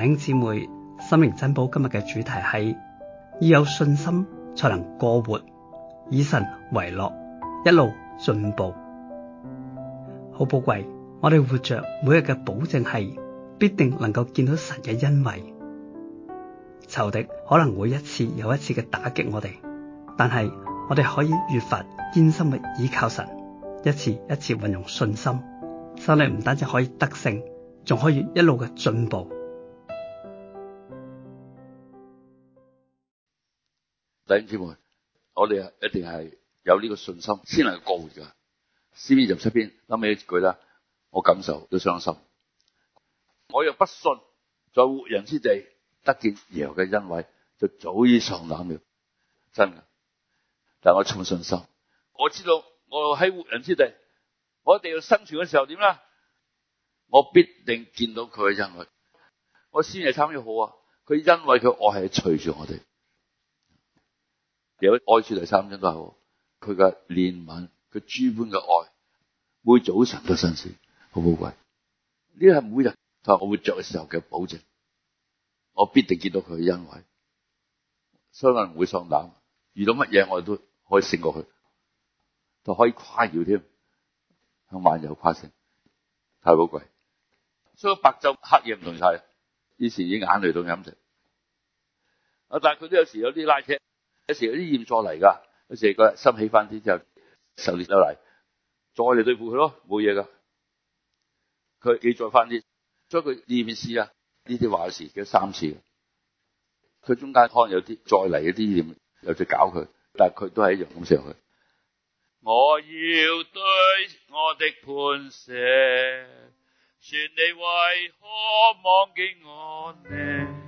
弟兄姊妹，心靈珍寶，今日嘅主題係要有信心，才能過活，以神為樂，一路進步。好寶貴，我哋活着每日嘅保證係必定能夠見到神嘅恩惠。仇敵可能會一次又一次嘅打擊我哋，但係我哋可以越發堅心嘅依靠神，一次一次運用信心，心裏唔單止可以得勝，仲可以一路嘅進步。弟兄姊妹，我哋一定係有呢個信心先能過活㗎，詩二七篇。啱尾一句啦，我感受都傷心。我若不信，在活人之地得見耶和華嘅恩惠，就早已喪膽了，真㗎，但我重信心，我知道我喺活人之地，我哋要生存嘅時候點啦？我必定見到佢嘅恩惠，我先嚟參與好啊！佢恩惠佢慈愛我係隨住我哋。有愛是第三章都係，佢嘅憐憫，佢諸般嘅愛，每早晨都新鮮，好寶貴。呢個係每日，佢話我活著嘅時候嘅保證，我必定見到佢嘅恩惠，相信唔會喪膽。遇到乜嘢我哋都可以勝過去，都可以誇耀添，向萬有誇勝，太寶貴。所以白晝黑夜唔同晒，以前以眼淚當飲食。啊，但係佢都有時有啲拉車。有時啲驗錯嚟㗎，有時佢心起翻啲之後受孽又嚟，再嚟對付佢咯，冇嘢㗎。佢記載翻啲，所以佢念一次啊，呢啲話嘅事記咗三次。佢中間可能有啲再嚟一啲驗，有再搞佢，但係佢都係一樣咁上去。我要對我的磐石説你為何忘記我呢？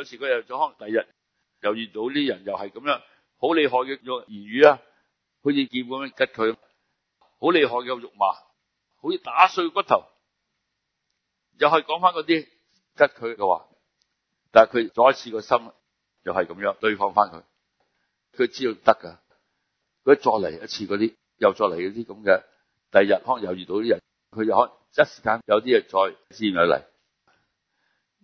有時佢又再可能第二日又遇到啲人又係咁樣好厲害嘅用言語啊，好似劍咁樣拮佢，好厲害嘅辱罵，好似打碎骨頭，又係講翻嗰啲拮佢嘅話。但係佢再一次個心又係咁樣對抗翻佢，佢知道得㗎。佢再嚟一次嗰啲，又再嚟嗰啲咁嘅。第二日可能又遇到啲人，佢又可一時間有啲嘢再先嚟。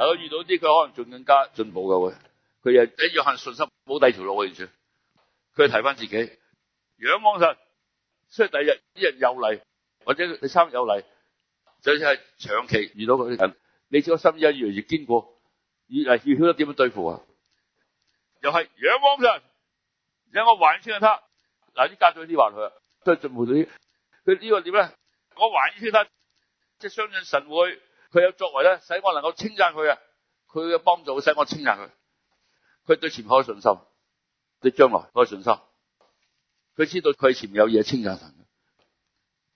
係咯，遇到啲佢可能仲更加進步㗎喎，佢又一要行信心冇第二條路嘅意思，佢提翻自己仰望神，所以第二日呢人又嚟，或者第三日又嚟，就算係長期遇到嗰啲人，你知個心意越嚟越堅固，越嚟越曉得點樣對付啊！又係仰望神，有個懷疑先得。嗱啲家長啲話佢啊，都係進步咗啲，佢呢個點咧？我懷疑先得，即係相信神會。佢有作為咧，使我能夠稱讚佢啊！佢嘅幫助使我稱讚佢。佢對前好有信心，對將來好有信心。佢知道佢前面有嘢稱讚神。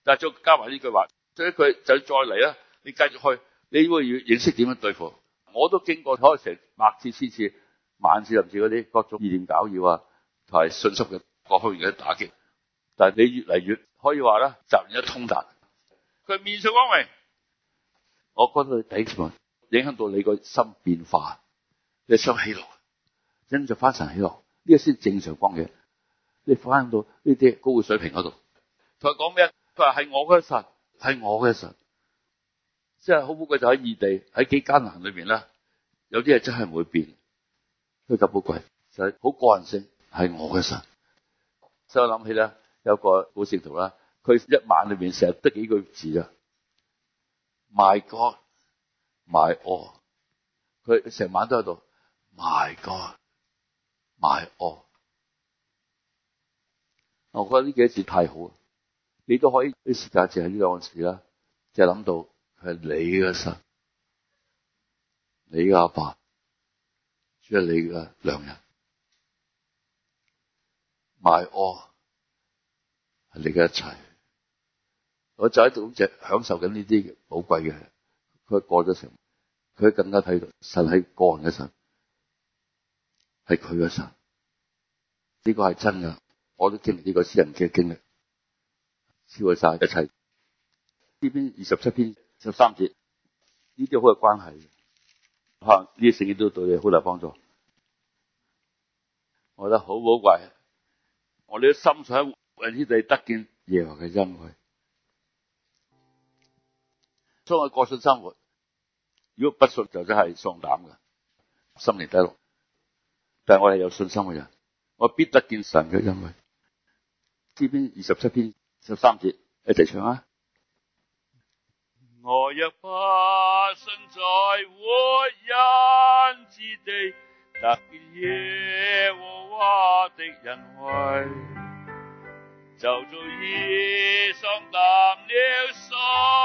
但係再加埋呢句話，所以佢再一句就再嚟啦！你繼續去，你會越認識點樣對付。我都經過咗成百次、千次、萬次、入次嗰啲各種意念攪擾啊，同埋信心嘅各方面嘅打擊。但係你越嚟越可以話啦，習練得通達。佢面上安慰。我覺得你底上影響到你個心變化，你想起落，因住翻神起落，呢個先正常幫嘅。你翻到呢啲高嘅水平嗰度，佢講咩？佢話係我嘅神，係我嘅神，即係好寶貴。就喺異地，喺幾艱難裏邊咧，有啲嘢真係唔會變，佢咁寶貴，就係好個人性。係我嘅神。所以我諗起咧，有一個故事圖啦，佢一晚裏邊成日得幾個字啊。My God，My All。佢成晚都喺度，My God，My All。我覺得呢幾個字太好，你都可以，呢時間淨係呢兩個字啦，淨係諗到佢係你嘅神，你嘅阿爸，爸，即係係你嘅良人。My All，係你嘅一切。我就喺度享受緊呢啲寶貴嘅，佢過咗成，佢更加睇到神係個人嘅神，係佢嘅神，呢、這個係真噶，我都經歷呢個私人嘅經歷，超晒一切。呢篇二十七篇十三節，呢啲好有關係，哈，呢啲聖經都對你好大幫助，我覺得好寶貴。我哋都身處喺活人之地，得見耶和華嘅恩惠。講我過信生活，如果不信就真係喪膽嘅，心理低落。但係我係有信心嘅人，我必得見神嘅恩惠。知邊二十七篇十三節，一齊唱啊！我若不信，在活人之地，得見耶和華的恩惠，就早已喪膽了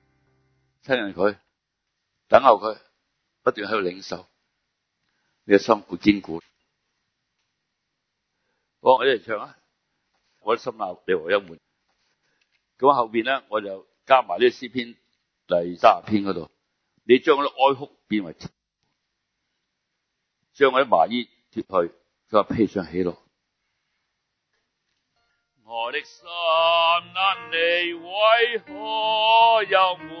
親人佢等候佢，不斷喺度領受你嘅心固堅固。我我一齊唱啊！我的心啊，你為何憂悶？咁啊後邊咧，我就加埋啲詩篇第三十篇嗰度。你將嗰啲哀哭變為，將嗰啲麻衣脫去，就披上喜樂。我的心啊，你為何憂悶？